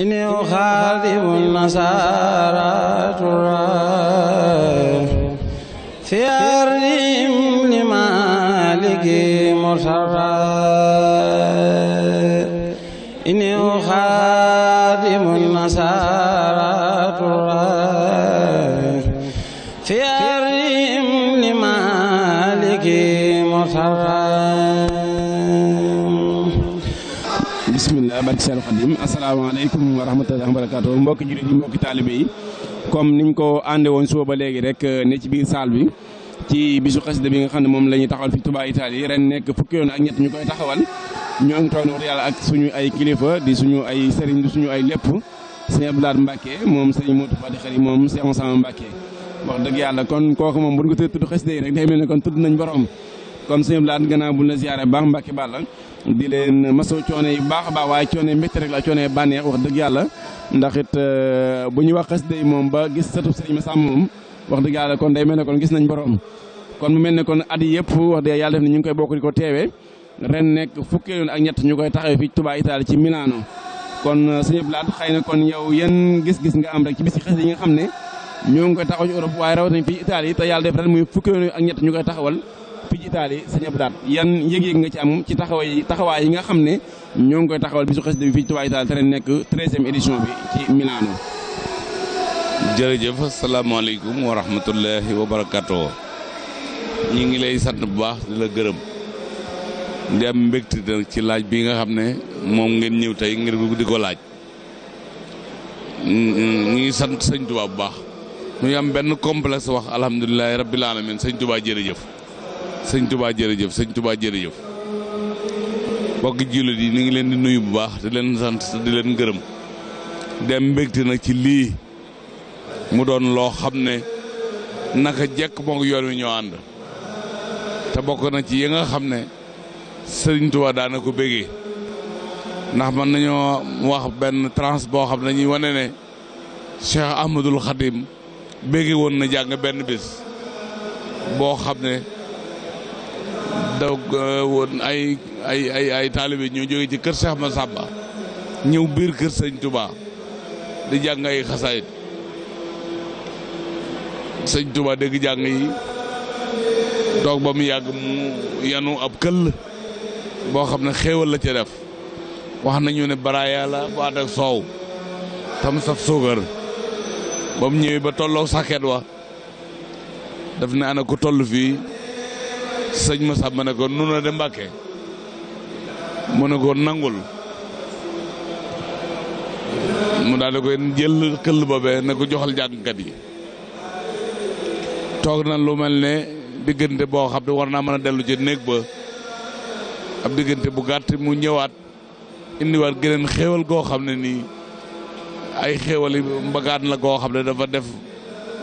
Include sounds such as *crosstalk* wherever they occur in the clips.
إني أخاذب النصارى ترى في أرضهم لمالك مصرى Ahmad Seexul Xadim asalaamaaleykum wa rahmatullahi wa barakaatu mbokki jullit yi mbokki taalibe yi comme niñ ko ànde woon suba ba léegi rek euh, ne ci biir salle bi ci bisu de bi nga xam ne moom la ñuy taxawal fi Touba Italie ren nekk fukki yoon ak ñett ñu koy taxawal ñoo ngi toog na yàlla ak suñu ay kilifa di suñu ay sëriñ di suñu ay lépp sëñ Abdoulaye Mbacke moom sëriñ Modou Fadi Xari moom sëñ Sama Mbacke wax dëgg yàlla kon kooku moom bu ñu ko tudd xasida yi ne kon tudd nañ borom comme sëñ Abdou Lahad gannaaw bu la ziare baax Mbacke Balla di leen masaw coono yu baax a baax waaye coono mbégte rek la coono bànneex wax dëgg yàlla ndax euh, bu ñu wax xasida yi moom ba gis satub sëriñ Massamba moom wax dëgg yàlla kon day mel na kon gis nañ borom kon mu mel ne kon at yëpp wax dëgg yàlla def ne ñu koy bokk di ko teewee ren nekk fukkee yoon ak ñett ñu koy taxawee fii Touba Italie ci Milano kon euh, sëñ Abdou Lahad na kon yow yan gis-gis nga am rek ci bis yi xasida yi nga xam ne ñoo ngi koy taxaw ci Europe Italie sëñ Abdou yan yëg nga ci am ci taxawaay taxawaay yi nga xam ne ñoo ngi koy taxawal bisu xasida bi fii ci Touba nekk treizième édition bi ci Milano. jërëjëf asalaamaaleykum wa rahmatullahi wa barakatuh ñi ngi lay sant bu baax di la gërëm di am mbégte ci laaj bi nga xam ne moom ngeen ñëw tey ngir di ko laaj mm, mm, ñu ngi sant sëñ Touba bu baax ñu am benn complexe wax alhamdulilahi rabbil alamin sëñ Touba jërëjëf sëñ tubaa jërëjëf sëñ tubaa jërëjëf mbokki jullit yi ñu ngi leen di nuyu bu baax di leen sant di leen gërëm dem mbégte nag ci lii mu doon loo xam ne naka jekk moog yoon wi ñoo ànd te bokk na ci yi nga xam ne sëriñ Tuubaa daana ko bégee ndax man nañoo wax benn transe boo xam ne dañuy wane ne Cheikh Ahmadul Xadim bégee woon na jàng benn bis boo xam ne daw euh, woon ay ay ñu jóge ci kër Cheikh Massamba ñëw biir kër sëñ Touba di jàng ay xasaayit sëñ Touba dégg jàng yi toog ba mu yàgg mu yanu ab kël boo xam ne xéewal la ca def wax nañu ne baraaya la bu ànd soow tam saf suukar ba mu ñëwee ba tolloo sàkket wa def ne ana ko toll fii sëñ Masamba ne ko nu na de Mbàkke mu ne ko nangul mu daal de koy jël këll boobee ne ko joxal jàngkat yi toog na lu mel ne diggante boo xam ne war naa mën a dellu ci néeg ba ab diggante bu gàtt mu ñëwaat indiwaat geneen xéewal goo xam ne nii ay xéewali mbagaan la goo xam ne dafa def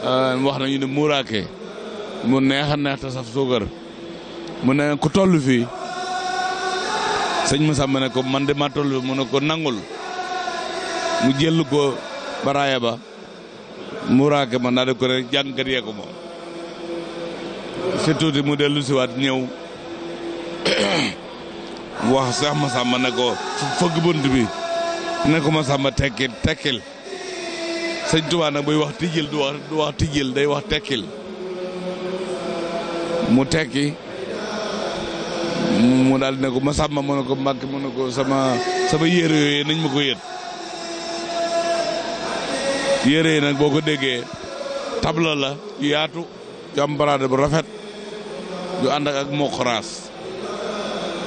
euh, wax nañu ne muuraake mu neex a saf suukar mu ne ku toll fii sëñ Masamba ne ko man de maa toll mu ne ko nangul mu jël ko baraaya ba mu raake man daal di ko rek jàngkat yee ko moom si tuuti mu dellu siwaat ñëw *coughs* wax sax Masamba ne ko fëgg bunt bi ne ko Masamba tekkil tekkil sëñ Tuubaa buy wax tijjil du wax tijjil day wax tekkil mu tekki mu daal dina ko ma sàmm mu ne ko mbàkk mu ne ko sama sama yére yooyu nañ ma ko yët yére yi nag boo ko déggee tablo la yaatu yu bu rafet yu ànd ak mokk raas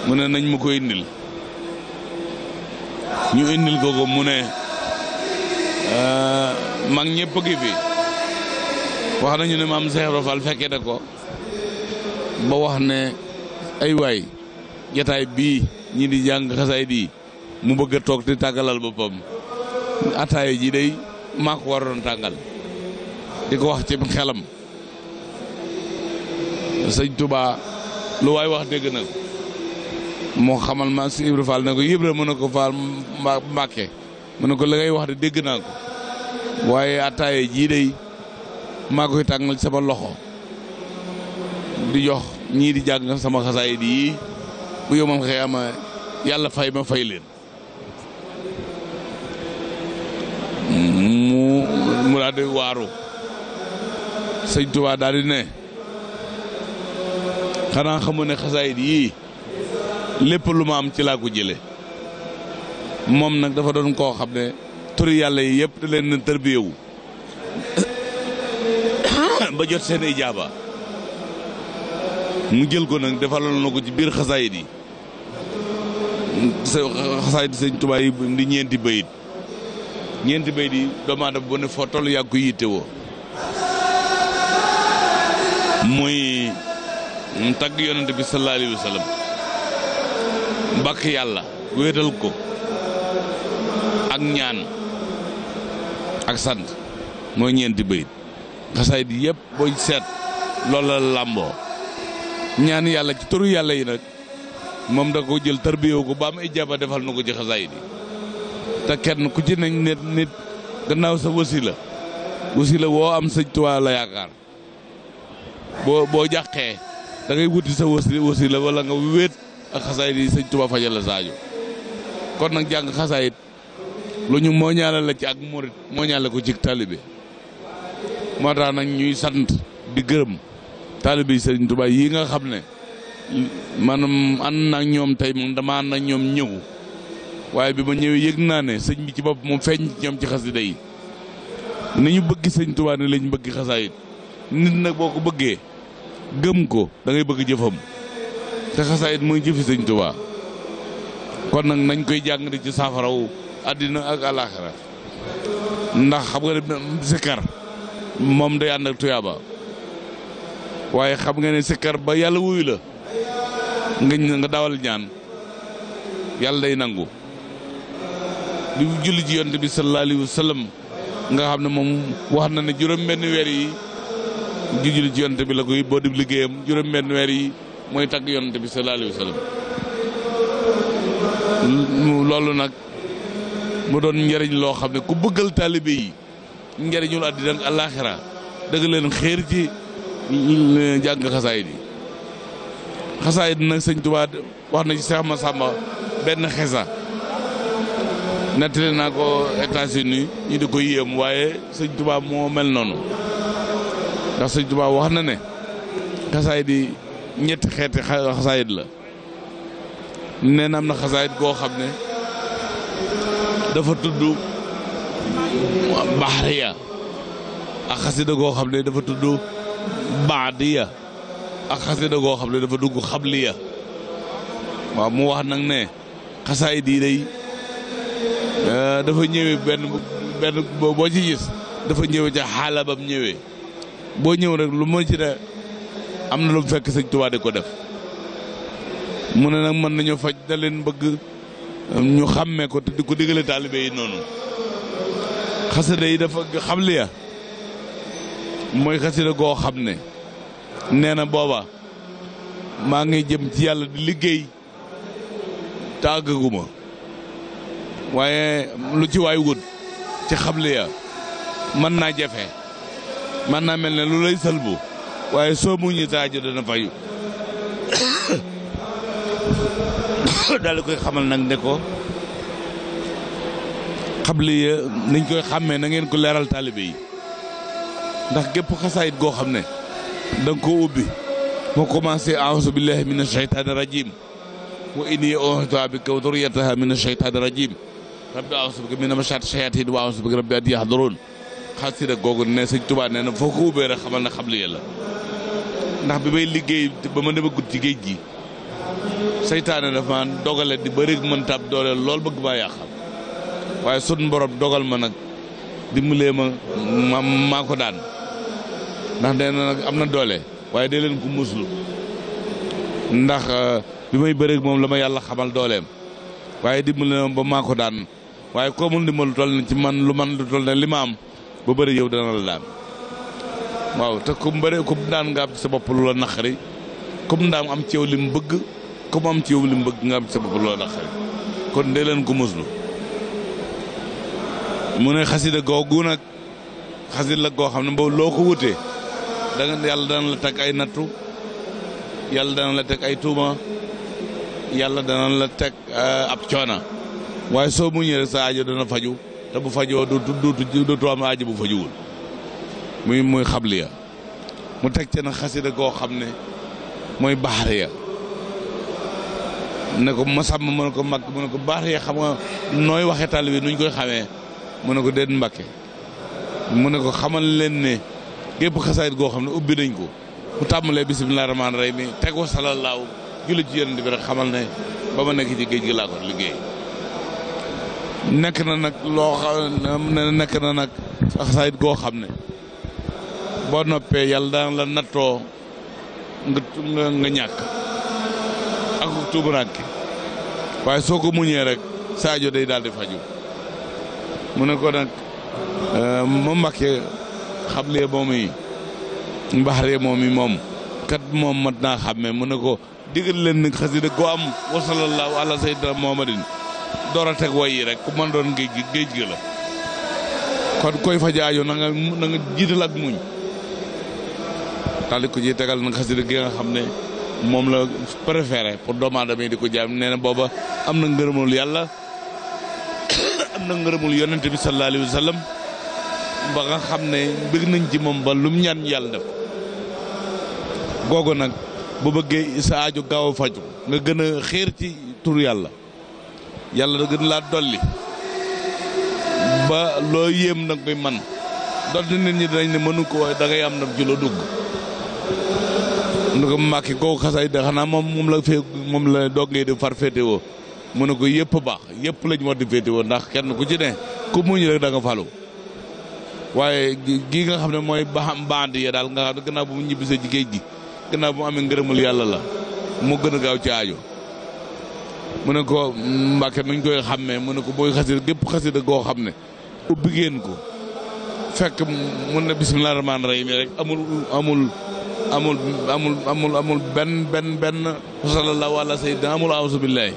mu ne nañ ma ko indil ñu indil ko ko mu ne euh, mag ñëpp gi fi wax nañu ne maam Seex Ibra Faal na ko ba wax ne ay waay jataay bii ñii di jàng xasaay di mu bëgg toog di tàggalal boppam ataaya ji day maa ko waroon tàngal di ko wax ci xelam sëñ Touba lu waay wax dégg na moo xamal ma si Ibra Fall na ko Ibra mën na ko Fall Mbàkke mën na ko la wax de dégg naa ko waaye ataaya jii day maa koy tàngal sama loxo di jox ñii di jàng sama xasaayid yi bu yomam xiyaama yàlla fay ma fay leen mu mu daal waaru sëñ Tuubaa daal di ne xanaa xamu ne xasaayit yii lépp lu ma am ci laa ko jële moom nag dafa doon koo xam ne turi yàlla yi yëpp da leen na tërbiyewu *coughs* ba jot seen ijaaba mu jël ko nag defaloon na ko ci biir xasaayit yi xasaayid sëñ Tuubaa yi di ñeenti bayit ñeenti bayit yi doomu bu ne foo toll yàgg ko yittewoo muy tagg yonent bi sallallahu alayhi wa sallam bakk yàlla wéetal ko ak ñaan ak sant mooy ñeenti bayit xasaayid yëpp booy seet loolu la làmboo ñaan yàlla ci turu yàlla yi nag moom da ko jël tarbiyoo ko baa am ijaaba defal na ko ci xasaayid yi te kenn ku ci nañ nit nit gannaaw sa wasila wasila woo am sëñ Tuubaa la yaakaar boo boo jàqee dangay ngay wuti sa wasila wala nga wéet ak xasaayid yi sëñ Tuubaa fajal la kon nag jàng xasaayid lu ñu moo la ci ak murit moo ko ci taalibe moo tax nag ñuy sant di gërëm taalibe yi sëñ Tuubaa yi nga xam ne man ànd naa ñoom tey man dama ànd ak ñoom ñëw waaye bi ma ñëwee yëg naa ne sëñ bi ci bopp moom feeñ ñoom ci xasida yi ni ñu bëgg sëñ Tuubaa ne lañ bëgg xasaayit nit nag boo ko bëggee gëm ko dangay ngay bëgg jëfam te xasaayit mooy jëfi sëñ Tuubaa kon nag nañ koy jàng di ci safarawu àddina ak alaaxira ndax xam nga ne sikkar moom day ànd ak tuyaaba waaye xam nga ne sikkar ba yàlla wuyu la nga nga dawal ñaan yàlla day nangu bi julli ci yonte bi sallallahu alayhi nga xam ne moom wax na ne juróom-benn weer yi di julli ci bi la koy boo dib liggéeyam juróom-benn weer yi mooy tagg yonte bi sallallahu alayhi loolu nag mu doon njariñ loo xam ne ku bëggal taalibe yi njariñul àddina ak àllaaxira dëgg leen xéer ci jàng xasaay yi xasaayit nag sëñ Tuubaa wax na ci Seex Masamba benn xesa nettali naa ko États-Unis ñu di ko yéem waaye sëñ Tuubaa moo mel noonu ndax sëñ Tuubaa wax na ne xasaayit yi ñetti xeeti xasaayit la nee na am na xasaayit goo xam ne dafa tudd baxriya ak xasida goo xam ne dafa tudd baadiya ak xasida goo xam ne dafa dugg xabliya waaw mu wax nag ne xasaay dii day eh, dafa ñëwee benn boo ci gis dafa ñëwee ca xaala ñëwee boo ñëw rek lu ma ci ne am na lu mu fekk sëñ Tuubaa ko def mu ne nag mën nañu faj da leen bëgg um, ñu xàmmee ko te di ko digale taalibe yi noonu xasida yi dafa xabliya mooy xasida goo xam ne nee na booba maa ngi jëm ci yàlla di liggéey tàggaguma waaye lu ci waay wut ci xamle ya mën naa jafe mën naa mel ne lu lay sëlbu waaye soo mu ñu taajo dana fayu *coughs* daal di koy xamal nag ne ko xamle ya nañ koy xàmmee na ngeen ko leeral taalibe yi ndax gépp xasaayit goo xam ne da nga koo ubbi mu commencé aouzu billahi min asheytaani rajim wa inni u'iiduhaa bika wa durriyatahaa min asheytaani rajim rabbi aouzu bika min masaati shayaatiin wa aouzu rabbi an yahduruun xasida googu ne sëñ Tuubaa nee na foo ko ubbee rek xamal na xam li yàlla ndax bi may liggéey ba ma demagul ci géej gi seytaane dafa ma dogale di ba rek mën doole lool bëgg maa yàqal waaye sun borom dogal ma nag dimbalee ma ma maa ko daan ndax nee nag am na doole waaye dee leen ko muslu ndax euh, bi may bëreeg moom la ma yàlla xamal dooleem waaye dimbali na ba maa ko daan waaye koo mu dimbal lu toll ne ci man lu man lu toll ne li ma am ba bëri yow dana la daan waaw te ku mu bëree ku daan nga am ci sa bopp lu la naqari ku daan am ci yow li mu bëgg ku mu am ci yow li mu bëgg nga am ci sa bopp lu la naqari kon dee leen ko muslu mu ne xasida googu nag xasida la goo xam ne boobu loo ko wutee da yàlla dana la teg ay nattu yàlla dana la teg ay tuuma yàlla dana la teg eh, ab coona waaye soo muñee rek sa aajo dana faju te bu fajoo du du du am aajo bu fajuwul muy muy xabliya mu teg ca na xasida koo xam ne mooy baxariya ne ko masam mu ne ko mag mu ne ko baxariya xam nga nooy waxe taalibe bi nuñ koy xamee mu ne ko déet mbakke mu ne ko xamal leen ne gépp xasaayit goo xam ne ubbi nañ ko mu tàmbalee bisimilah rahmaani rahiim mi teg wa salallaahu julli ci yonent bi rek xamal ne ba ma nekk ci géej gi laa ko liggéey nekk na nag loo xam ne nekk na nag xasaayit goo xam ne boo noppee yàlla daan la nattoo nga ñàkk ak tuubaraanke waaye soo ko muñee rek Sadio day daal di faju mu ne ko nag euh, ma Mbakke xamlee moom yi mbaxaree moom yi moom kat moom mat naa xàmmee mu ne ko digal leen nag xasida ko am wasalallaahu ala sayyidina muhammadin door a teg way yi rek ku mën doon géej gi géej la kon koy fajaajo na nga na nga jiital ak muñ daal di ko ciy tegal nag xasida gi nga xam ne moom la préféré pour doomu aadama yi di ko jaam nee na booba am na ngërëmul yàlla *coughs* am na ngërëmul yonente bi sallallahu alayhi ba nga xam ne bëgg nañ ci moom ba mu ñaan yàlla def googu nag bu bëggee sa aajo gaaw a faju nga gën a xéer ci tur yàlla yàlla da gën laa dolli ba loo yéem da nga koy man dolli nit ñi dinañ ne mënu koo waaye da ngay am nag ci la dugg nu ko màkki koo xasaay de xanaa moom moom la fee moom la doggee di far féetewoo mu ko yëpp baax yëpp lañ war di féetewoo ndax kenn ku ci ne ku muñ rek da nga falu waaye gi nga xam ne mooy baxam band ya daal nga xam ne gannaaw bu mu ñibbisee ci géej gi gannaaw bu mu amee ngërëmul yàlla la mu gën a gaaw ci aajo mu ne ko mbàkke nuñ koy xàmmee mu ne ko booy xasida gépp xasida goo xam ne ubbi ngeen ko fekk mun na bisimilah rahmaani rahim rek amul amul amul amul amul amul benn benn benn sallallahu ala sayyidina amul awsubillahi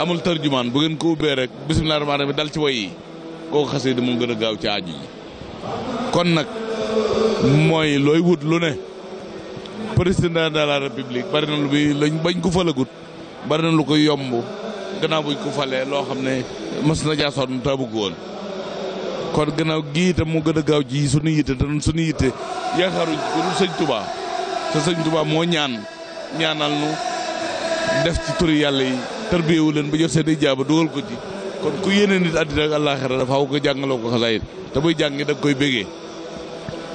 amul tarjumaan bu ngeen ko ubbee rek bisimilah rahmaani rahim dal ci way yi kooku xasida moom gën a gaaw ci aajo yi kon nag mooy looy wut lu ne président de la république bari na lu lañ bañ ku falagut bari na lu ko yomb gannaaw buñ ko falee loo xam ne mës na jaasoon taabu ko kon gannaaw gii itam moo gën a gaaw ji suñu yitte te suñu yitte yaakaaruñ ko dul sëñ tubaa te sëñ tubaa moo ñaan ñaanal nu def ci turi yàlla yi tërbiyewu leen ba jot seen i jaaba dugal ko ci kon ku yéene nit àddina ak àllaaxira dafa xaw ko jàngaloo ko xasaayit te muy jàngi da koy bégee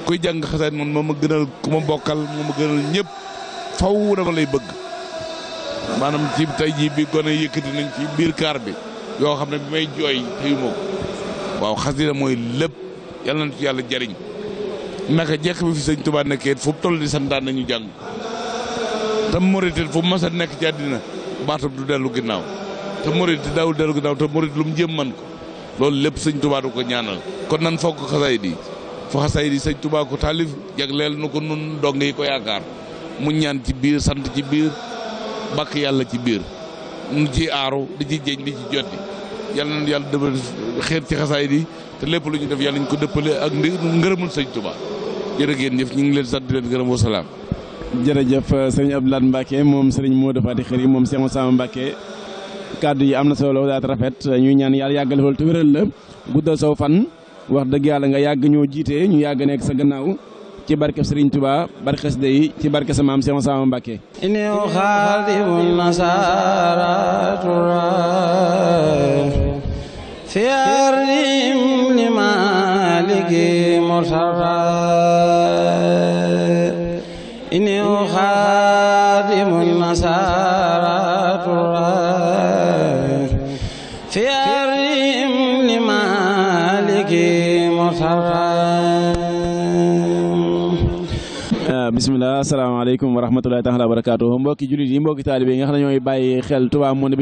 kuy jàng xasaayit man moom ma gënal ku ma bokkal moom ma gënal ñépp faw dama lay bëgg maanaam ci tey jii bi gone yëkkati nañ ci biir kaar bi yoo xam ne bi may jooy teyuma ko waaw xasida mooy lépp yàlla na ci yàlla jariñ naka jekk bi fi sëñ Tuubaa nekkee fu mu toll di santaan nañu jàng tam moritil fu mu mas nekk ci àddina baatam du dellu ginnaaw te murit daawul dellu ginnaaw te murit lu mu man ko loolu lépp sañ tubaa ko ñaanal kon nan fokk xasay di fa xasay di sëñ tubaa ko taalif jagleel nu ko nun dong yi ko yaakaar mu ñaan ci biir sant ci biir bàkk yàlla ci biir nu ci aaru di ci jeñ di ci jotti yàlla na yàlla dëppal xeer ci xasaay di te lépp lu ñu def yàlla ñu ko dëppale ak ndi ngërëmul sëñ Tuba jërë ngeen jëf ñu ngi leen sant di leen gërëm wasalaam jërëjëf sëriñ Abdou Lahad Mbacke moom sëriñ moom Cheikh Moussa Mbacke kàddu yi am na solo daal rafet ñuy ñaan yàlla yàggal lool te wéral la guddal saw fan wax dëgg yàlla nga yàgg ñoo jiite ñu yàgg nekk sa gannaaw ci barke Serigne Touba barke xasida yi ci barke sa maam Seex Sama Mbàkke ineew xaadimu nasaratura fi ardim li maliki murtara bisimilah asalaamaaleykum wa rahmatulahi taala wa barakaatuhu mbokki jullit yi mbokki taalibe yi nga xam ne ñooy bàyyi xel Touba Monde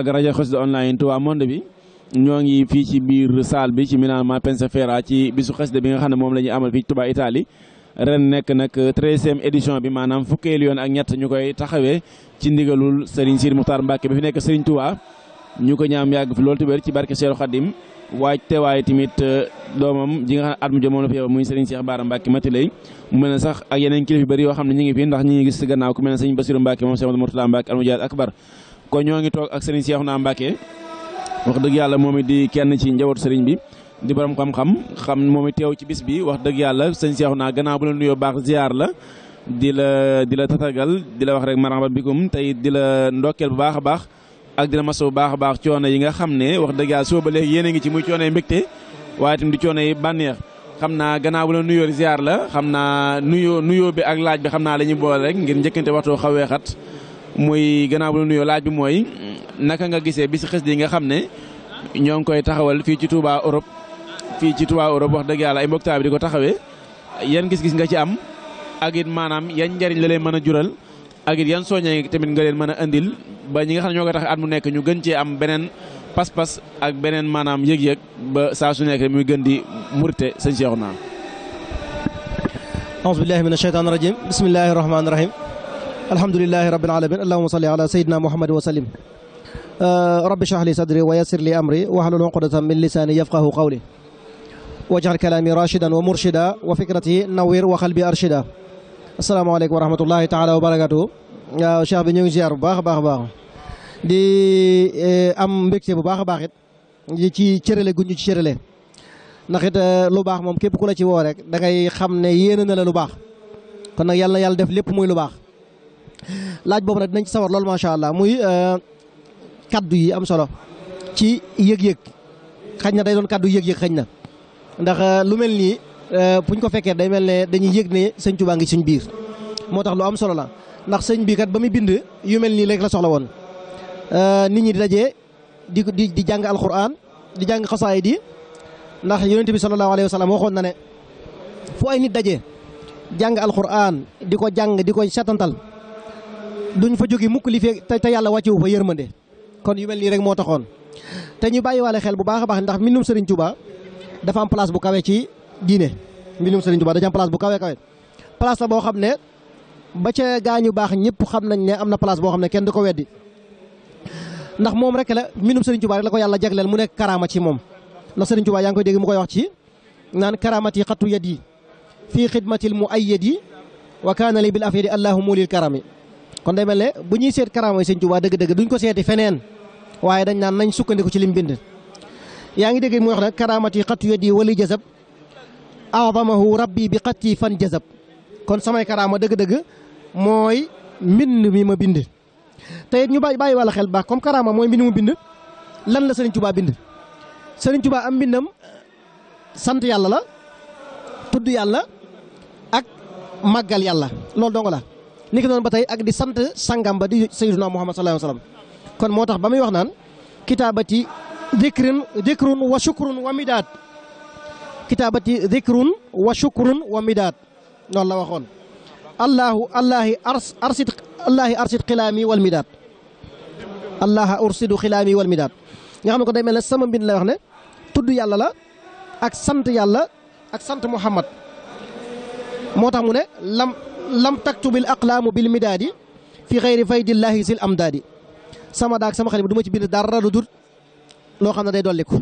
ak rajo Xassida online Touba Monde ñoo ngi fii ci biir salle bi ci Milan ma Pensafera ci bisu xasida bi nga xam ne moom la ñuy amal fii Touba Italie ren nekk nag treizième édition bi maanaam fukkeelu yoon ak ñett ñu koy taxawee ci ndigalul Serigne Sidi Muxtaar Mbàkke bi fi nekk Serigne Touba ñu ko ñaam yàgg fi loolu tubéer ci barke Seeru Xadim waaj teewaay tamit euh, doomam ji nga xam ne at mu jëm moom la fi yow muy Serigne Cheikh Bara Mbacke Mati mu mel ne sax ak yeneen kilifa yu bëri yoo xam ne ñu ngi fi ndax ñi ngi gis gannaaw ku mel ne Serigne Bassirou Mbacke moom Cheikh Mourtala Mbacke almujaad akbar kon ñoo ngi toog ak wax dëgg yàlla moom it di kenn ci njabootu Serigne bi di borom xam-xam xam moom it teew ci bis bi wax dëgg yàlla sëñ Serigne naa gannaaw bu la nuyoo baax ziar la di la di la tatagal di la wax rek marhaban bikum tey di la ndokkeel bu baax a baax ak dina masawu baax a baax coono yi nga xam ne wax dëgg yàlla suba ba léegi yéen ngi ci muy coono yi mbégte waaye itam di coono yi bànneex xam naa gannaaw bu la nuyoo ziar la xam naa nuyoo nuyoo bi ak laaj bi xam naa la ñuy boole rek ngir njëkkante waxtoo xawee xat muy gannaaw bu la nuyoo laaj bi mooy naka nga gisee bi si xës yi nga xam ne ñoo ngi koy taxawal fii ci Touba Europe fii ci Touba Europe wax dëgg yàlla ay mbokk taal di ko taxawee yan gis-gis nga ci am ak maanaam yan njariñ la lay mën a jural ak it yan soññee tamit nga leen mën a indil ba ñi nga xam ne ñoo ko tax at mu nekk ñu gën cee am beneen pas-pas ak beneen maanaam yëg-yëg ba saa su nekk muy gën di murte sëñ Cheikh naa. auzu billahi mina shaytaani rajim bismillahi rahmaani rahim a rabbil alamin allahumma salli ala sayyidina muhammad wa sallim uh, rabbi shrah li sadri wa yassir li amri wahlul uqdatan min lisani yafqahu qawli waj'al kalami rashidan wa murshida wa fikrati nawwir wa qalbi arshida asalaamaaleykum wa rahmatullahi taala wa barakaatu waaw cheikh bi ñu ngi ziar bu baax a baax a baax di eh, am mbégte bu baax a baax it di ci cërale guñu ci cërale ndax it eh, lu baax moom képp ku la ci woow rek dangay xam ne yéene na la lu baax kon nag yàlla na yàlla def lépp muy lu baax laaj boobu nag dinañ ci sawar loolu macha allah muy eh, kaddu yi am solo ci yëg-yëg xëy na day doon kaddu yég yëg xëy na ndax lu mel nii fu euh, ñu ko fekkee day mel ne dañuy yëg ne sëñ Tuubaa ngi suñ biir moo tax lu am solo la ndax sëñ bi ba muy bind yu mel nii rek la soxla woon euh, nit ñi di daje di di di jàng alxuraan di jàng xasaayid ndax yonent bi sallallahu alayhi wa sallam waxoon na ne fu ay daje jàng alxuraan di ko jàng di ko satantal duñ fa jógi mukk li fee te yàlla wàccewu fa yërmande kon yu mel nii rek moo taxoon te ñu bàyyiwaale xel bu baax a baax ndax mbindum Sëriñ Tuubaa dafa am place bu kawe ci diine mbindum Serigne Touba da ci am place bu kawe kawe place la boo xam ne ba ca gaañu baax ñëpp xam nañ ne am na place boo xam ne kenn du ko weddi ndax moom rek la mbindum Serigne Touba rek la ko yàlla jagleel mu nekk karaama ci moom ndax Serigne Touba yaa ngi koy dégg mu koy wax ci naan karaamati xattu yad yi fii xidmatil mu ay yad yi wa kaana li bil afyadi allahu mulil karami kon day mel ne bu ñuy seet karaama yi Serigne Touba dëgg-dëgg duñ ko seeti feneen waaye dañ naan nañ sukkandiku ci lim bind yaa ngi dégg mu wax nag karaamati xattu yad yi wali aadamahu rabbi bi xat fan jazab kon samay karaama dëgg-dëgg mooy mbind mi ma bind te ñu bàyyi bàyyi walla xel baax comme karaama mooy mbind mu bind lan la Serigne Touba bind Serigne Touba am mbindam sant yàlla la tudd yàlla ak maggal yàlla loolu dong la ni ki noonu ba tey ak di sant sangam ba di sayyiduna Muhammad sallallahu kon moo tax ba muy wax naan kitaabati dikrun dikrun wa shukrun wa midaad kitaabati dhikrun wa shukrun wa midaad loolu la waxoon allahu allahi arsid allahi arsid xilaami wal midaad allaha ursidu xilaami wal midaad nga xam ne ko day sama mbind la wax ne tudd yàlla la ak sant yàlla ak sant muhammad moo tax mu ne lam lam taktubil aqlaamu bil midaadi fi xayri faydillaahi sil amdaadi sama daag sama xarit bi du ma ci bind dara lu loo xam ne day dolliku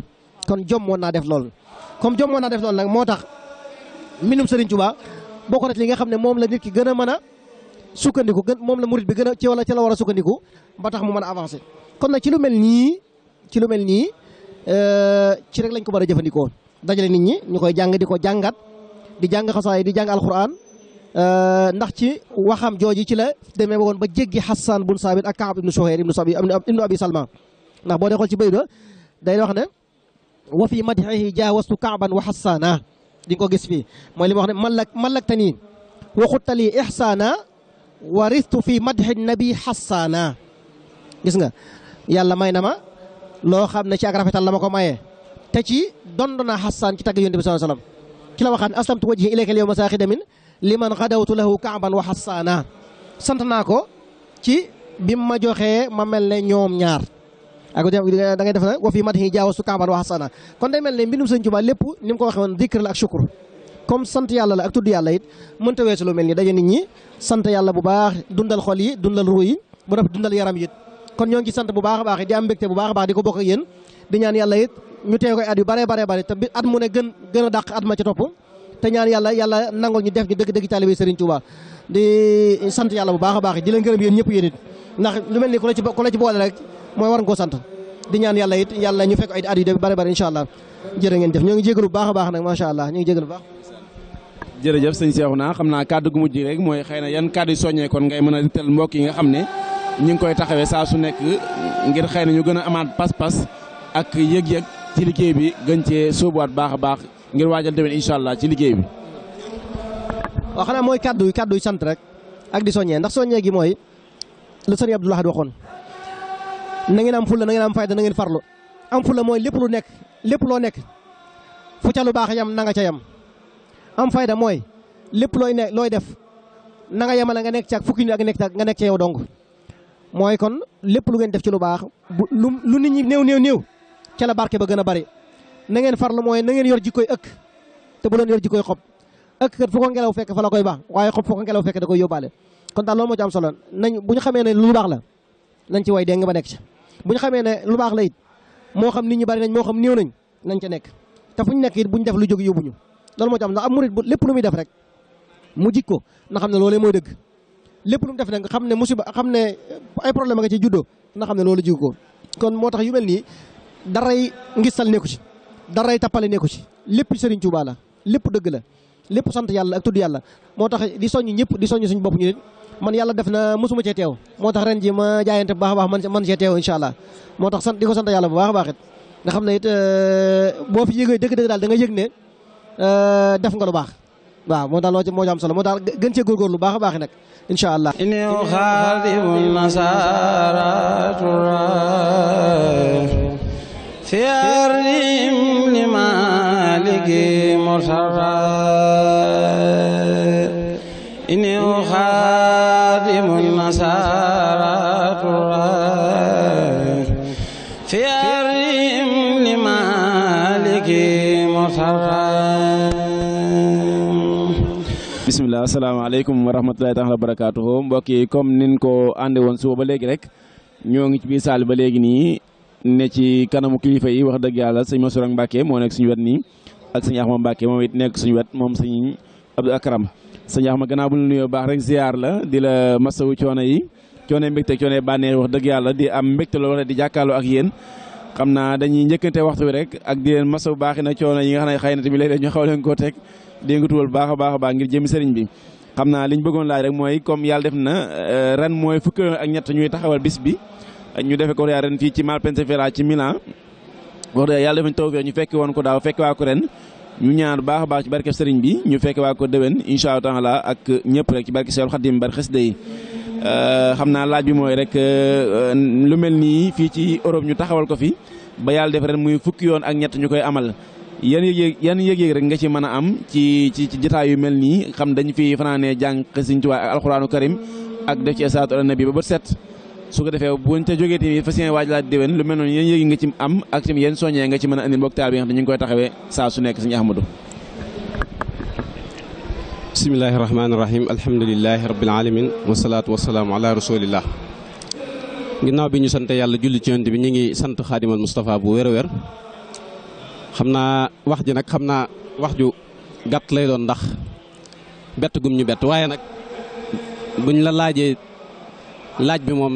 kon jom woon naa def lool comme jommoon naa def loolu nag moo tax mbindum Serigne Touba boo ko ci li nga xam ne moom la nit ki gën a mën sukkandiku gën moom la murit bi gën a ci ci la war a sukkandiku ba tax mu mën a avancé kon nag ci lu mel nii ci lu mel nii euh, ci rek lañ ko war a jëfandikoo dajale nit ñi ñu koy jàng di ko jàngat di jàng xasaay di jàng alquran euh, ndax ci waxam jooju ci la demee woon ba jéggi Hassan bun Saabit ak Kaab ibnu Suhayr ibnu Sabi ibnu Abi Salma ndax boo dee xool ci bayda day wax ne wa fi madxihi jaawastu kaaban wa xassaana di ko gis fii mooy li ma wax ne malak malakta nii waxutta lii ixsaana waristu fi madxi nabi xassaana gis nga yàlla may na ma loo xam ne ci ak rafetal la ma ko mayee te ci dond naa xassaan ci tagg yonent bi sallallahu alayhi wasallam ci la waxaat ne aslamtu wajhi ilayka al yawma li man xadawtu lahu kaaban wa xassaana sant naa ko ci bim ma joxee ma mel ne ñoom ñaar ak def na wa fi madhi jaaw su kaaman wa xasana kon day mel ne mbindum sëñ Tuubaa lépp ni mu ko waxee woon dikr la ak shukur comme sant yàlla la ak tudd yàlla it mënta weesu lu mel ni daje nit ñi sant yàlla bu baax dundal xol yi dundal a a gën gën a at ma ci topp te ñaan yàlla yàlla nangul ñu def ñu dëgg-dëgg taalibe Serigne Touba di sant yàlla bu baax a baax di leen gërëm yéen ñëpp yéen it ndax lu mel ni ku ci boole rek mooy war nga koo sant di ñaan yàlla it yàlla ñu fekk ay at yu de bari bari incha allah jërë ngeen jëf ñoo ngi jégalu bu baax a baax nag macha allah ñu ngi xam naa kàddu gu mujj rek mooy xëy na yan kàddu yu soññee kon ngay mën a dittal mbokk nga xam ne ñu ngi koy taxawee saa su nekk ngir xëy na ñu gën a amaat pas ak yëg-yëg ci liggéey bi gën cee sóobuwaat baax a baax ngir waajal tamit incha allah ci liggéey bi. mooy kàddu kàddu yu sant rek ak di soññee ndax soññee gi mooy la sëñ Abdoul Ahad waxoon na ngeen am fulla na ngeen am fayda na ngeen farlu am fulla mooy lépp lu nekk lépp loo nekk fu ca lu baax yam na nga ca yam am fayda mooy lépp looy ne looy def nanga nga yemale nga nekk ca ak fukki nit ak nekk ca nga nekk ca yow dong mooy kon lépp lu ngeen def ci lu baax lu lu nit ñi néew néew néew ca la barke ba gën a bari na ngeen farlu mooy na ngeen yor jikkoy ëkk te bu leen yor jikkoy xob ëkk kat fu ko ngelaw fekk fa la koy baax waaye xob fu ko ngelaw fekk da koy yóbbaale kon daal loolu moo ci am bu ñu xamee ne lu baax la nañ ci way dégg nga ba nekk ca bu ñu xamee ne lu baax la moo xam nit ñi bari nañ moo xam néew nañ nañ ca nekk te fu ñu nekk it bu ñu def lu jóg ñu loolu moo ci am ndax am murit lépp lu muy def rek mu ko na xam ne loolee mooy dëgg lépp lu mu def nag xam ne musiba xam ne ay problème nga ci juddoo na xam ne loolu jikko ko kon moo tax yu mel nii daray ngistal nekku ci daray tappale nekku ci lépp Sëriñ Tuubaa la lépp dëgg la lépp sant yàlla ak tudd yàlla moo tax di soññ ñëpp di soññ suñu bopp ñu man yàlla def na mosuma cee teew moo tax ren ji ma jaayante bu baax a baax man man cee teew incha allah moo tax sant di ko sant yàlla bu baax a baax it nga xam ne it euh, boo fi yëgee dëgg-dëgg daal da nga ne euh, def nga lu baax waaw moo daal loo moo ci am solo moo daal gën cee góorgóorlu baax a baax nag incha allah ini uxaadimu nasaratura fi ardim li maliki murtara bisimilah asalaamaaleykum wa rahmatulahi taala wa barakaatuhu mbokk kom comme nin ko ànde woon suba ba léegi rek ñoo ngi ci biir saal ba léegi nii ne ci kanamu kilifa yi wax dëgg yàlla sëñ Masoro Mbacke moo nekk suñu wet nii ak sëñ Axma Mbacke moom it nekk suñu wet moom sëñ Abdou Akram sëñ Axma gannaaw bu ñu nuyoo baax rek ziar la di la masawu coono yi coono mbégte coono bànneex wax dëgg yàlla di am mbégte loolu di jàkkaaloo ak yéen. xam naa dañuy njëkkante waxtu bi rek ak di leen masawu baaxi na coono yi nga xam ne xëy na tamit léeg-léeg leen koo teg dégg nga tuwal baax a baax a baax ngir jëmi sëriñ bi. xam naa li ñu bëggoon laaj rek mooy comme yàlla def na euh, ren mooy fukk ak ñett ñuy taxawal bis bi ñu defee ko yaa ren fii ci Malpensefiera ci Milan wax dëgg yàlla def nañu tawfeex ñu fekk woon ko daaw fekk waa ko ren ñu ñaan baax a baax ci barke sëriñ bi ñu fekk waa ko déwén incha allah ak ñëpp rek ci barke Seex Xaadim barke xasida yi Euh, xam naa laaj bi mooy rek euh, euh, lu mel nii fii ci Europe ñu taxawal ko fi ba yàlla def ren muy fukki yoon ak ñett ñu koy amal yan yëg-yëg yan yëg-yëg rek nga ci mën a am ci ci jotaay yu mel nii xam dañu fi fanaanee jàng xësiñ ci waa alxuraanu karim ak def ci salaatu ala nabi ba bët set su ko defee buñ ca jógee tamit fas yéene waaj laa déwén lu mel noonu yan yëg nga ci am ak tamit yan soññee nga ci mën a andil mbokk taal bi nga xam ne ñu koy taxawee saa su nekk sëñ Ahmadou bismillaahi rahmaani rahim alhamdulillaahi rabbil aalamiin wasalaatu wasalaamu ala rasulillah ginnaaw bi ñu sant yàlla julli ci yonent bi ñu ngi sant xaadimal Moustapha bu wér a wér xam naa wax ji nag xam naa wax ju gàtt lay doon ndax bett gum ñu bett waaye nag buñ la laajee laaj bi moom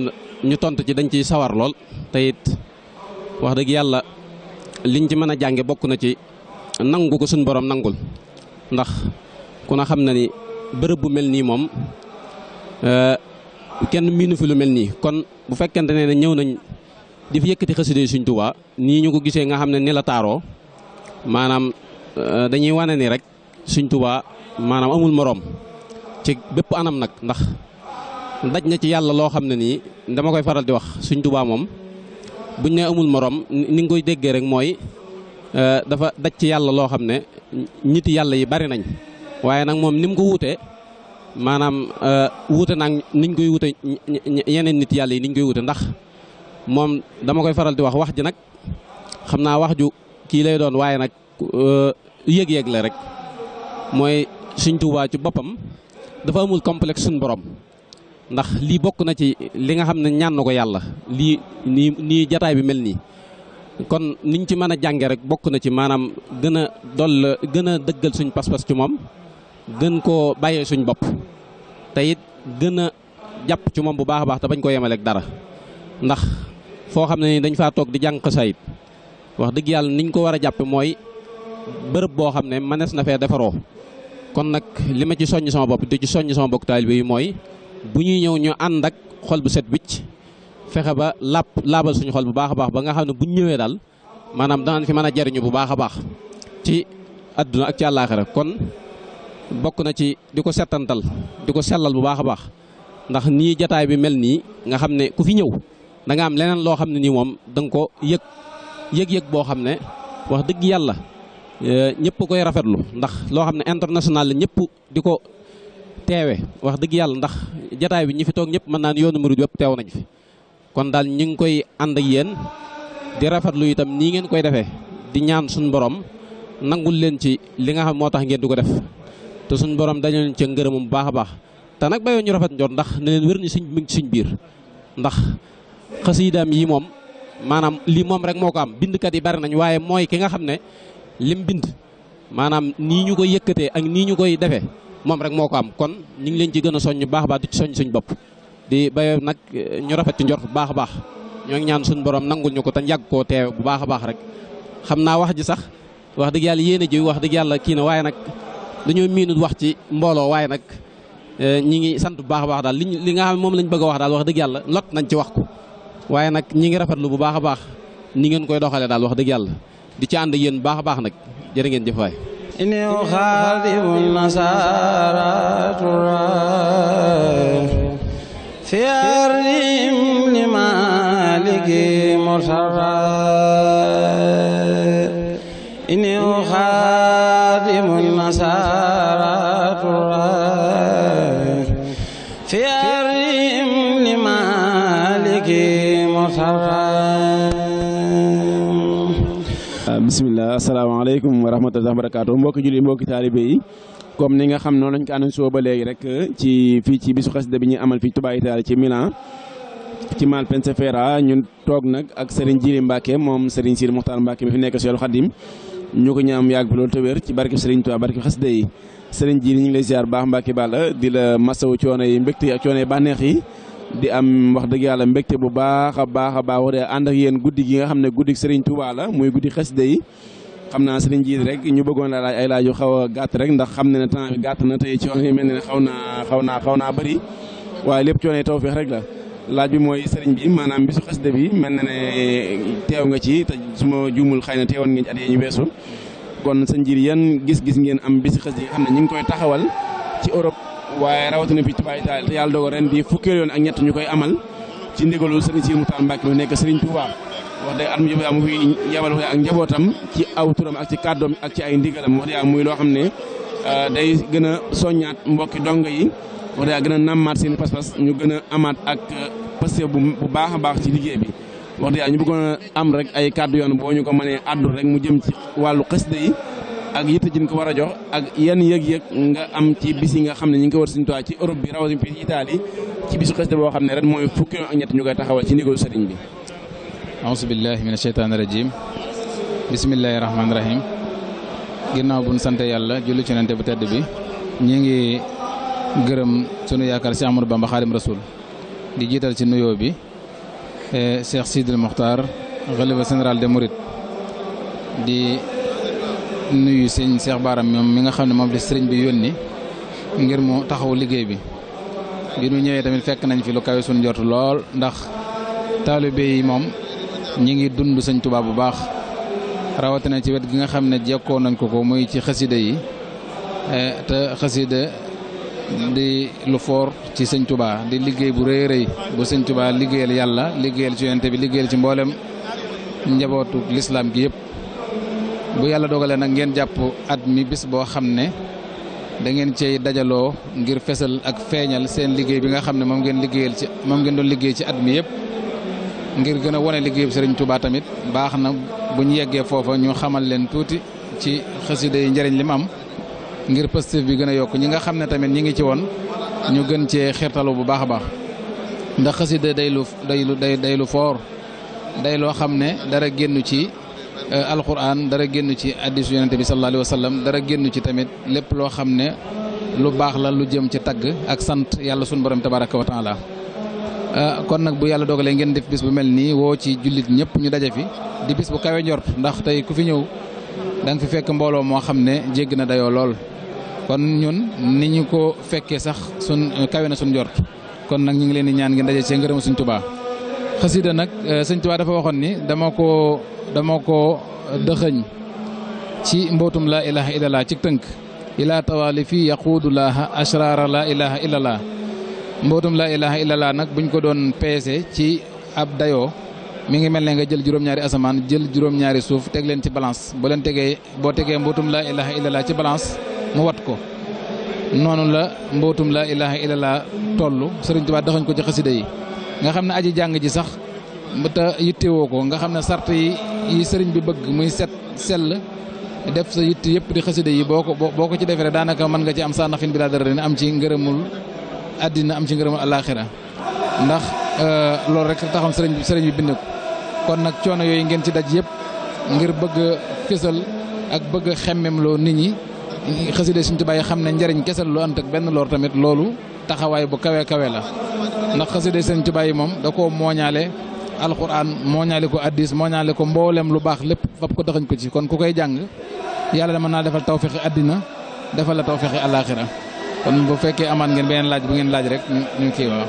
ñu tont ci dañ ciy sawar lool te it wax dëgg yàlla liñ ci mën a jànge bokk na ci nangu ko suñ boroom nangul ndax ku na xam na ni bërëb bu mel nii moom euh, kenn miinu fi lu mel nii kon bu fekkente ne ñëw nañ di fi yëkkati xasida Sëriñ Tuubaa nii ñu ko gisee nga xam ne nii la taaroo maanaam euh, dañuy wane nii rek Sëriñ Tuubaa maanaam amul moroom ci bépp anam nag ndax daj na ci yàlla loo xam ne nii dama koy faral di wax Sëriñ tubaa moom buñ ne amul moroom ni nga koy déggee rek mooy euh, dafa daj ci yàlla loo xam ne ñiti yàlla yi bari nañ waaye nag moom ni mu ko wutee maanaam euh, wuute nag niñ koy wuute yeneen nit yàlla yi niñ koy wuute ndax moom dama koy faral di wax wax ji nag xam naa wax ju kii lay doon waaye nag yég euh, yëg la rek mooy suñ Tuubaa ci boppam dafa amul complexe suñ borom ndax lii bokk na ci li nga xam ne ñaan na ko yàlla lii nii nii jataay bi mel nii kon niñ ci mën a jànge rek bokk na ci maanaam gën a doll gën a dëggal suñ pas-pas ci moom gën koo bàyyee suñ bopp tey it gën a jàpp ci moom bu baax a baax te bañ koo yemaleeg dara ndax foo xam ne ni dañ faa toog di jàng xasaayit wax dëgg yàlla niñ ko war a jàppe mooy bërëb boo xam ne mënees na fee defaroo kon nag li ma ci soññ sama bopp di ci soññ sama bokk taalibe yi mooy bu ñuy ñëw ñu ànd ak xol bu set wicc fexe ba làpp laabal suñ xol bu baax a baax ba nga xam ne bu ñu ñëwee daal maanaam danañ fi mën a jariñu bu baax a baax ci àdduna ak ci bokk na ci di ko settantal di ko sellal bu baax a baax ndax nii jataay bi mel nii nga xam ne ku fi ñëw danga am leneen loo xam ne nii moom danga nga ko yëg yëg-yëg boo xam ne wax dëgg yàlla e, ñëpp koy rafetlu ndax loo xam ne international la ñëpp di ko teewe wax dëgg yàlla ndax jataay bi ñi fi toog ñëpp mën naan yoonu murid yëpp teew nañu fi kon daal ñu ngi koy ànd ak yéen di rafetlu itam nii ngeen koy defee di ñaan suñu borom nangul leen ci li nga xam moo tax ngeen di ko def te suñ borom dañu ca ngërëmum baax a baax te nag bayoo ñu rafet njoot ndax ne leen wér ñu suñ biir ndax xasiidaam yii moom maanaam lii moom rek moo ko am bindkat yi bari nañu waaye mooy ki nga xam ne lim bind maanaam nii ñu koy yëkkatee ak nii ñu koy defee moom rek moo ko am kon ñu ngi leen ci gën a soññ baax a baax di ci soññ suñ bopp di bayoo nag eh, ñu rafet ci njort bu baax a baax ñoo ñaan suñu borom nangul ñu ko tañ yàgg koo teew bu baax a baax rek xam yàlla yéen wax dëgg yàlla kii na waaye nag dañoo miinut wax ci mbooloo waaye nag eh, ñi ngi sant bu baax a baax daal li nga xam moom lañ bëgg a wax daal wax dëgg yàlla lot nañ ci wax ko waaye nag ñi ngi rafetlu bu baax a baax ni ngeen koy doxalee daal wax dëgg yàlla di ci ànd yéen baax a baax nag jërë ngeen jëf waay ini uxaadibu nasaratura asalaamaaleykum wa rahmatulah barakaatu mbokki julli mbokki taalibe yi comme ni nga xam noonu lañ ko àndoon soo ba léegi rek ci fii ci bisu xasida bi ñuy amal fii Touba Italie ci Milan ci Malpensa ñun toog nag ak Serigne Djily Mbacke moom Serigne Sir Mokhtar Mbacke mi fi nekk Seexul Xadim ñu ko ñaam yàgg bi loolu te wér ci barke Serigne Touba barke xasida yi Serigne ñu ngi lay ziar baax Mbacke Balla di la masawu coono yi mbégte yi ak coono yi yi di am wax dëgg yàlla mbégte bu baax a baax a baax ànd ak yéen guddi gi nga xam ne guddi Serigne Touba la muy guddi xasida yi xam naa sëriñ jiit rek ñu bëggoon la laaj ay laaj yu xaw gàtt rek ndax xam ne ne temps bi gàtt na tey coono yi mel ne xaw naa xaw naa xaw naa bari waaye lépp coono yi tawfeex rek laaj bi mooy sëriñ bi maanaam bisu xasida bi mel na ne teew nga ci te su ma juumul xëy na teewoon ngeen ci at ñu weesu kon sëñ jiit yan gis-gis ngeen am bisu xasida yi xam ne ñu ngi koy taxawal ci Europe waaye rawatina fi Tuubaa Itaali te yàlla dogal ren di fukkeelu yoon ak ñett ñu koy amal ci ndigalu sëriñ Sidi Muxtaar Mbàkke mi nekk sëriñ Touba wax dëgg at mu yëpp daa mu fi yabal ak njabootam ci aw turam ak ci kàddoom ak ci ay ndigalam wax dëgg muy loo xam ne euh, day gën a soññaat mbokki dongo yi wax dëgg gën a nammaat seen pas-pas ñu gën a amaat ak euh, paste bu baax a baax ci liggéey bi wax dëgg ñu bëggoon am rek ay kàddu yoon boo ñu ko mënee addu rek mu jëm ci wàllu xasida yi ak yitte jin ko war a jox ak yenn yëg-yëg nga am ci bis yi nga xam ne ngi ko war suñu tuwaa ci Europe bi rawatina ci ci bisu xasida boo xam ne ren mooy fukki ak ñett ñu koy taxawal ci ndigal sëriñ bi aousu billahi min asheytaani rajim bisimillahi rahmaani rahim ginnaaw buñ sant yàlla julli ci nante bu tedd bi ñu ngi gërëm sunu yaakaar Cheikh Amadou Bamba Xaadim Rasul di jiital ci nuyoo bi eh, Cheikh Sidil Mokhtar xalifa général de Mouride di nuyu sëñ seex Baram moom mi nga xam ne moom la sëriñ bi yónni ngir mu taxaw liggéey bi bi nu ñëwee tamit fekk nañ fi lu kawe suñ jot lool ndax taalibe yi moom ñi ngi dund sañ Tuubaa bu baax rawatina ci wet gi nga xam ne jekkoo nañ ko ko muy ci xasida yi e, te xasida di lu foor ci sëñ Tuubaa di liggéey bu rëy rëy bu sëñ tubaa liggéeyal yàlla liggéeyal ci yonent bi liggéeyal ci mbooleem njabootu lislaam gi yëpp bu yàlla dogalee nag ngeen jàpp at mi bis boo xam ne dangeen ngeen dajaloo ngir fesal ak feeñal seen liggéey bi nga xam ne moom geen liggéeyal ci moom geen doon liggéey ci at mi yëpp ngir gën a wane liggéeyub Serigne Touba tamit baax na bu ñu yeggee foofa ñu xamal leen tuuti ci xasida yi njëriñ li mu am ngir positif bi gën a yokk ñi nga xam ne tamit ñi ngi ci woon ñu gën cee xirtalu bu baax a baax ndax xasida day lu day lu day lu foor day loo xam ne dara génn ci Euh, alquran dara génn ci addisu yonente bi sallallahu tamit lépp loo xam ne lu baax la lu jëm ci tagg ak sant yàlla sunu borom tabaraka wa taala euh, kon nag bu yàlla dogalee ngeen def bis bu mel nii woo ci jullit ñëpp ñu daje fi di bu kawe njort ndax tey ku fi ñëw da fi fekk mbooloo moo xam ne jégg na dayoo lool kon ñun ni ñu ko fekkee sax sun euh, kawe na sun njort kon nag ñu ngi leen di ñaan ngeen daje ci ngërëm suñ tubaa xasida waxoon ni dama ko dama ko dëxëñ ci mbootum laa ilaha illallah ci tënk ilaa tawaali fii yaquudu laaha asraara laa ilaha illallah mbootum laa ilaha illallah nag buñ ko doon peese ci ab dayoo mi ngi mel ne nga jël juróom-ñaari asamaan jël juróom-ñaari suuf teg leen ci balance boo leen tegee boo tegee mbootum laa ilaha illallah ci balance mu wat ko noonu la mbootum laa ilaha illallah toll Sëriñ Tuubaa dëxëñ ko ci xasida yi nga xam ne aji jàng ji sax te yittewoo ko nga xam ne sart yi yi sëriñ bi bëgg muy set sell def sa yitt yëpp di xasida yi boo ko boo ko ci defee rek daanaka mën nga ci am saana fin bi laa dara ne am ci ngërëmul àddina am ci ngërëmul alaaxira ndax euh, loolu rek taxam sëriñ bi sëriñ bi ko kon nag coono yooyu ngeen ci daj yëpp ngir bëgg fësal ak bëgg a xemmemloo nit ñi xasida Sëriñ Tuubaa yi xam ne njariñ kesel lu benn loor tamit loolu taxawaay bu kawe kawe la ndax xasida Sëriñ Tuubaa yi moom da koo mooñaale alquran moo ñaale ko addis moo ñaale ko mbooleem lu baax lépp fab ko taxañ ko ci kon ku koy jàng yàlla mën naa defal tawféqi addina defal la tawféqi alaaxira kon bu fekkee amaat ngeen beneen laaj bu ngeen laaj rek ñu kii waaw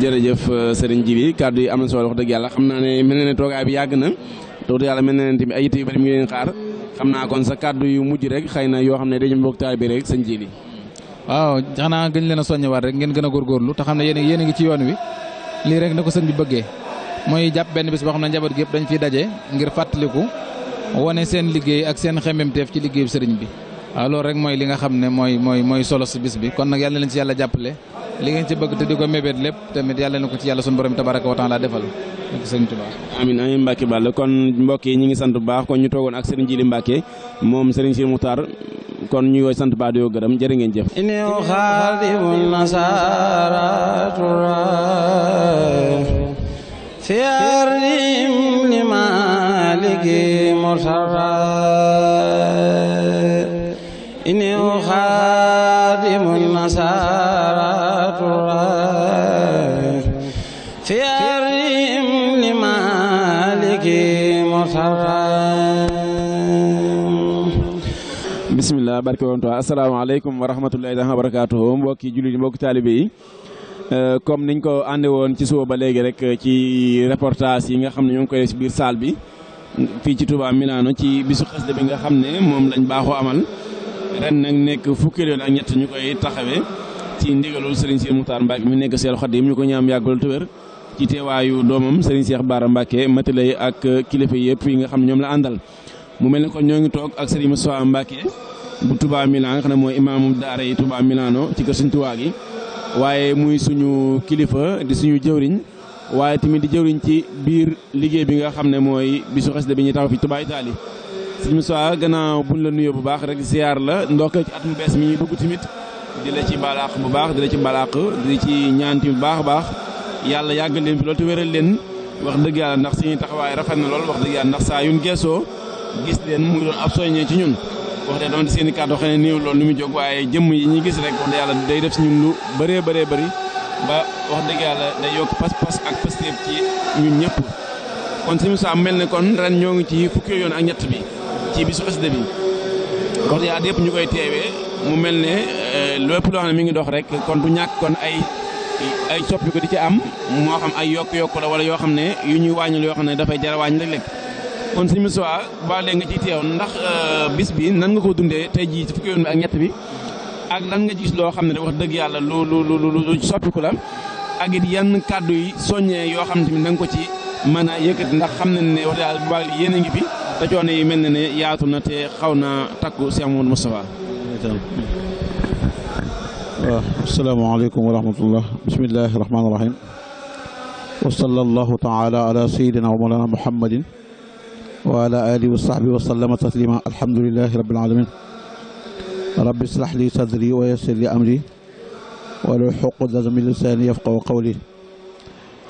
jërëjëf sëriñ euh, Jibi kàddu yi am na solo dëgg yàlla xam naa ne mel na ne bi yàgg na toogaay yàlla mel na ne tamit ay yitte xaar xam naa kon sa kàddu yu mujj rek xëy na yoo xam ne dañu bokk taal bi rek sëñ Jibi waaw xanaa gën leen a soññewaat rek ngeen gën a góorgóorlu te xam ne yéen a ngi ci yoon wi lii rek ko sëñ bi bëggee muy jàpp benn bis boo xam ne njaboot gi yëpp dañ fiy daje ngir fàttaliku wane seen liggéey ak seen xemmeemteef ci liggéeyu sëriñ bi waaw rek mooy li nga xam ne mooy mooy mooy solo si bis bi kon nag yàlla leen ci yàlla jàppale li ngeen ci bëgg te di ko mébét lépp tamit yàlla na ko ci yàlla sunu borom tabaraka wa taala defal ak sëriñ Tuubaa amiin amiin Mbacke Balla kon mbokk yi ñu ngi sant bu baax kon ñu toogoon ak sëriñ Jili Mbacke moom sëriñ Sidi Muxtaar kon ñu ngi sant ba yoo سيرهم لمالك مرسل إني أخادم النصارى سيرهم لمالك مرسل bisimilah barke woon tuwaa asalaamaaleykum wa rahmatullahi wa barakaatuhu mbokki jullit yi mbokki taalibe yi Euh, comme niñ ko ànde woon ci suba ba léegi rek euh, ci reportage yi nga xam ne ñoo ngi koy si biir salle bi fii ci Touba Milano ci bisu xasida bi nga xam ne moom lañ baaxoo amal ren nag nekk fukki yoon ak ñett ñu koy taxawee ci ndigalul Serigne Cheikh Moutar Mbacke mi nekk Seexul Xaadim ñu ko ñaam yàggul te wér ci teewaayu doomam Serigne Cheikh Bara ak euh, kilifa yëpp yi nga xam ñoom la àndal mu mel ne ko ñoo ngi toog ak mu Moussa Mbacke bu Touba Milano nga xam ne mooy imaamu daara yi Touba Milano ci kër Serigne Touba gi waaye muy suñu kilifa di suñu jëwriñ waaye tamit di jëwriñ ci biir liggéey bi nga xam ne mooy bisu de bi ñuy taxaw fi Touba Italie sëñ saa gannaaw buñ la nuyoo bu baax rek ziar la ndokkee ci at mu bees mi ñuy dugg tamit di la ci mbalaax bu baax di la ci mbalaax di ci ñaan tamit bu baax a baax yàlla yàgg leen fi loolu te wéral leen wax dëgg yàlla ndax suñuy taxawaay rafet na lool wax dëgg yàlla ndax saa yuñ geesoo gis leen muy doon ab soññee ci ñun wax dëgg doon seen i kàddu xëy na néew loolu nu mu jóg waaye jëmm yi ñuy gis rek wax dëgg yàlla day def si ñun lu bëree bëree bari ba wax dëgg yàlla day yokk pas-pas ak pasteef ci ñun ñëpp. kon si Moussa mel ne kon ren ñoo ngi ci fukki yoon ak ñett bi ci bisu xasida bi wax dëgg yàlla yëpp ñu koy teewee mu mel ne euh, lépp loo xam ne mi ngi dox rek kon du ñàkk kon ay. ay coppi ko di ci am moo xam ay yokk-yokk la wala yoo xam ne yu ñuy wàññil yoo xam ne dafay jar a wàññi léeg kon suñu musuwaa ba léegi nga ciy teew ndax euh, bis bi nan nga ko dundee tey jii fukki yoon bi ak ñett bi ak lan nga gis loo xam ne wax dëgg yàlla lu lu la ak it yan kàddu yoo xam tamit da nga ko ci mën a yëkkati ndax xam nañ ne wax a yàlla bu baax yéen a ngi fi te yi mel na ne yaatu na te xaw na takku Cheikh Mamadou Moustapha waaw asalaamaaleykum wa rahmatullah bismillahi rahmaani rahim wa sallallahu taala ala wa mawlana muhammadin wa ala wa sahbihi wa sallama taslima alhamdulilahi rabbil alamin rabbi ishrah li sadri wa yassir li amri wahlul uqdatan min lisaani yafqahu qawli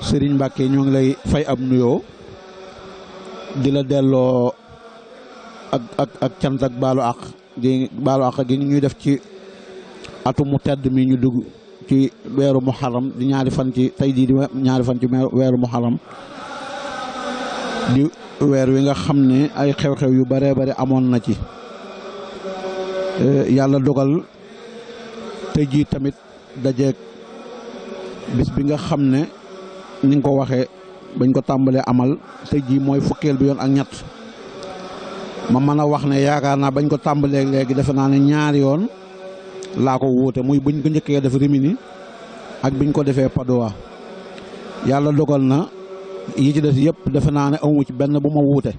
Sëriñ Mbàkke ñoo ngi lay fay ab nuyoo di la delloo ak ak ak cant ak gi ñuy def ci atumu tedd mi ñu dugg ci weeru muharram di ñaari fan ci tey di ñaari fan ci weeru muharram weer wi nga xam ne ay xew-xew yu baree bari amoon na ci eh, yàlla dogal te ji tamit dajeeg bis bi nga xam ne ni nga ko waxee bañ ko tàmbalee amal te ji mooy fukkeel bi yoon ak ñett ma mën a wax ne yaakaar naa bañ ko tàmbalee léegi defe naa ne ñaari yoon laa ko wuute muy buñ ko njëkkee def Rimini ak biñ ko defee Padoa yàlla dogal na yi ci des yëpp defe naa ne amu ci benn bu ma wuute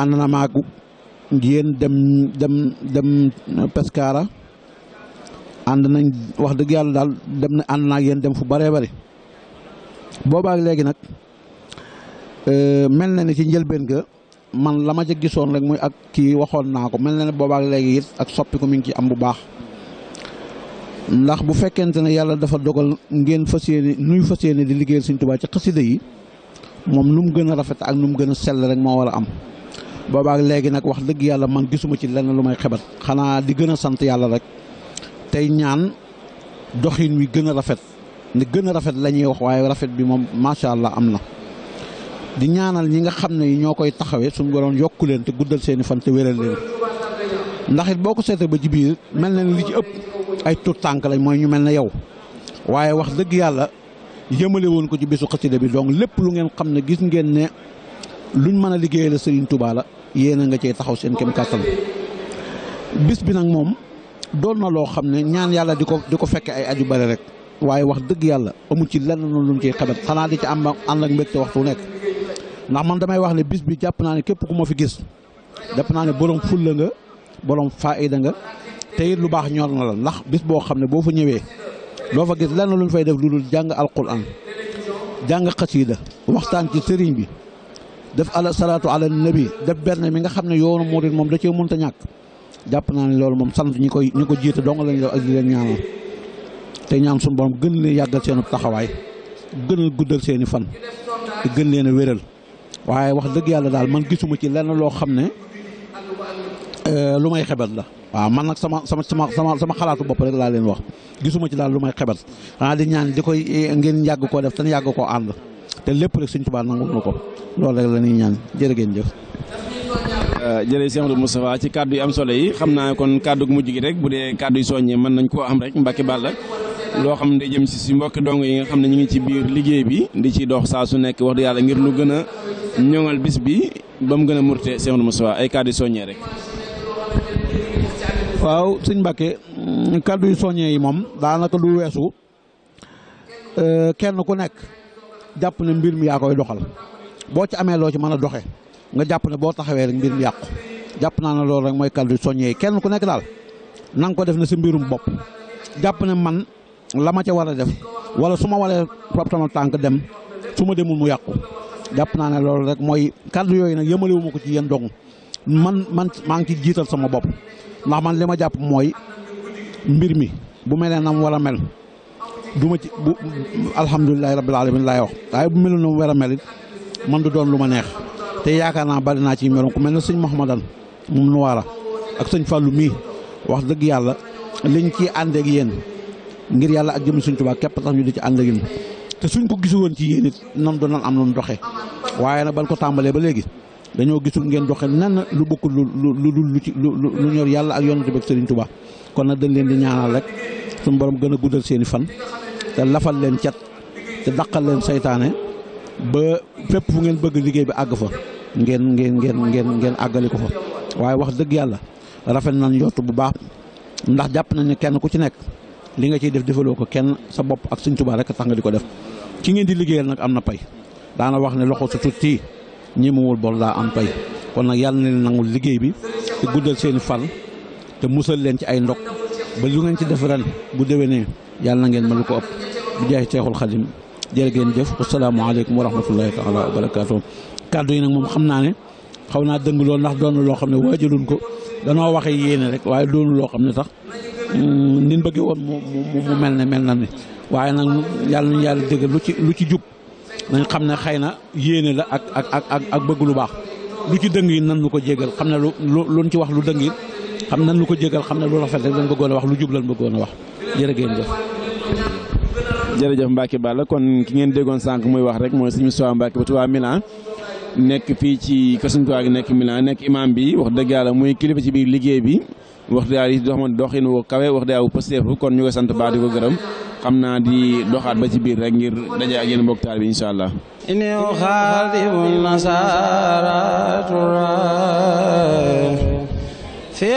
ànd na maag yéen dem dem dem Pescara ànd nañ wax dëgg yàlla daal dem na ànd naa yéen dem fu bëree bëri boobaak léegi nag euh, mel na ni ci njëlbeen ga man la ma ca gisoon rek muy ak kii waxoon naa ko mel na ne boobaak léegi it ak soppi ko mi ngi ci am bu baax ndax bu fekkente ne yàlla dafa dogal ngeen fas yéene nuy fas yéene di liggéeyal Sëñ Tuubaa ci xasida yi moom nu mu gën a rafet ak nu mu gën a sell rek moo war a am boobaak léegi nag wax dëgg yàlla man gisuma ci lenn lu may xebat xanaa di gën a sant yàlla rek tey ñaan doxin wi gën a rafet ne gën rafet la ñuy wax waaye rafet bi moom macha allah am na di ñaanal ñi nga xam ne ñoo koy taxawee suñu boroom yokku leen te guddal seeni fan te wéral leen ndax ay tuut tànk lañ mooy ñu mel na yow waaye wax dëgg yàlla yëmale woon ko ci bésu xasida bi donc lépp lu ngeen xam ne gis ngeen ne luñ mën a liggéeyal la Serigne Touba la yéen a nga cee taxaw seen kem kàttan bis bi nag moom doon na loo xam ne ñaan yàlla di ko di ko fekke ay aju bare rek waaye wax dëgg yàlla amu ci lenn noonu luñ ciy xabat xanaa di ci am ànd ak mbégte waxtu nekk ndax man damay wax ne bis bi jàpp naa ne képp ku ma fi gis jàpp naa ne borom fulla nga borom faayida nga te lu baax ñor na la ndax bis boo xam ne boo fa ñëwee loo fa gis lenn luñ fay def lu dul jàng alquran jàng xasiida waxtaan ci sëriñ bi def ala salaatu ala nabi def benn mi nga xam ne yoonu murit moom da cee mënta ñàkk jàpp naa ne loolu moom sant ñi koy ñi ko jiite dong lañ la ak di leen ñaanal te ñaan suñu gën leen yàggal seen taxawaay gën a guddal seeni fan te gën leen a wéral waaye wax dëgg yàlla daal man gisuma ci lenn loo xam ne euh, lu may xebet la. waaw man nag sama sama sama sama sama xalaatu bopp rek laa leen wax gisuma ci daal lu may xebat xanaa di ñaan di koy eh, ngeen yàgg koo def te yàgg koo ànd te lépp rek Sëñ Tuubaa nangul na ko loolu rek la ñuy ñaan jër ngeen jëf. Euh, jërëjëf Cheikh Amadou Moustapha ci kàddu yi am solo yi xam naa kon kàddu gu mujj gi rek bu dee kàddu yi soññee mën nañ koo am rek Mbacke Balla loo xam ne day jëm si si mbokki dong yi nga xam ne ñu ngi ci biir liggéey bi di ci dox saa su nekk wax dëgg yàlla ngir lu gën a ñoŋal bis bi ba mu gën a murte Cheikh Amadou Moustapha ay kàddu yi rek waaw sëñ Mbàkke mm, kàddu yu soññee yi moom daanaka du weesu euh, kenn ku nekk jàpp ne mbir mi yaa koy doxal boo ci amee loo ci mën a doxe nga jàpp ne boo taxawee rek mbir mi yàqu jàpp naa ne loolu rek mooy kàddu yu yi kenn ku nekk daal na ko def na si mbirum bopp jàpp ne man la ma ca war a def wala su ma waree fab sama tànk dem su ma demul mu yàqu jàpp naa ne loolu rek mooy kàddu yooyu nag yëmale wu ma ko ci yéen dong man man maa ci jiital sama bopp ndax man li ma jàpp mooy mbir mi bu mel ne nam war a mel du ma ci bu alhamdulilahi rabbil alamin laay wax waaye bu melu nam war a mel man du doon lu ma neex te yaakaar naa bari naa ci merom ku mel na sëñ Mahamadan moom nuwaara ak sëñ Fàllu mii wax dëgg yàlla liñ ci ànd yéen ngir yàlla ak jëm suñ Tuubaa képp tax ñu di ci ànd te suñ ko gisu woon ci yéen it nan doon am noonu doxee waaye nag ban ko tàmbalee ba léegi dañoo gisul ngeen joxe nan lu bokkul lu lu lu lu ñor yàlla ak yonent bi ak Serigne Touba kon nag dañ leen di ñaanal rek suñu borom gën a guddal seen i fan te lafal leen cat te daqal leen saytaane ba fépp fu ngeen bëgg liggéey bi àgg fa ngeen ngeen ngeen ngeen ngeen àggali ko fa waaye wax dëgg yàlla rafet nañ njort bu baax ndax jàpp nañ ne kenn ku ci nekk li nga ciy def defaloo ko kenn sa bopp ak Serigne Touba rek tax nga di ko def ki ngeen di liggéeyal nag am na pay daana wax ne loxo su tuuti ñi muwul bor daa am tey kon nag yàlla na leen nangul liggéey bi te guddal seen fan te musal leen ci ay ndog ba lu ngeen ci def ren bu déwénee yàlla na ngeen mën lu ko ëpp bu jaay Seexul Xadim jërë ngeen jëf asalaamaaleykum wa rahmatullahi taala wa barakaatu kàddu yi nag moom xam naa ne xaw naa dëng lool ndax doon loo xam ne waajaluñ ko danoo waxe yéene rek waaye doonu loo xam ne sax mm, nin bëgge woon mu mel ne mel na ne waaye nag yàlla nañu yàlla dégg lu ci lu ci jub nañ xam na xëy na yéene la ak ak ak ak bëgg lu baax lu ci dëng yi nan lu ko jégal xam na lu luñ ci wax lu dëng yi xam nan nu ko jégal xam ne lu rafet rek lañ bëggoon a wax lu jub lañ bëggoon a wax jërëgéen jëf jërëjëf Mbacke Balla kon ki ngeen déggoon sànq muy wax rek mooy suñu soix Mbacke ba Touba Milan nekk fii ci kasuntuwaa gi nekk Milan nekk imam bi wax dëgg muy kilifa ci biir liggéey bi wax dëgg yàlla yi dox doxin wu kawe wax dëgg yàlla wu pësteefu kon ñu ko sant baax di ko gërëm xam naa di doxaat ba ci biir rek ngir daje bi inni uxaadimu nasaara turaa fi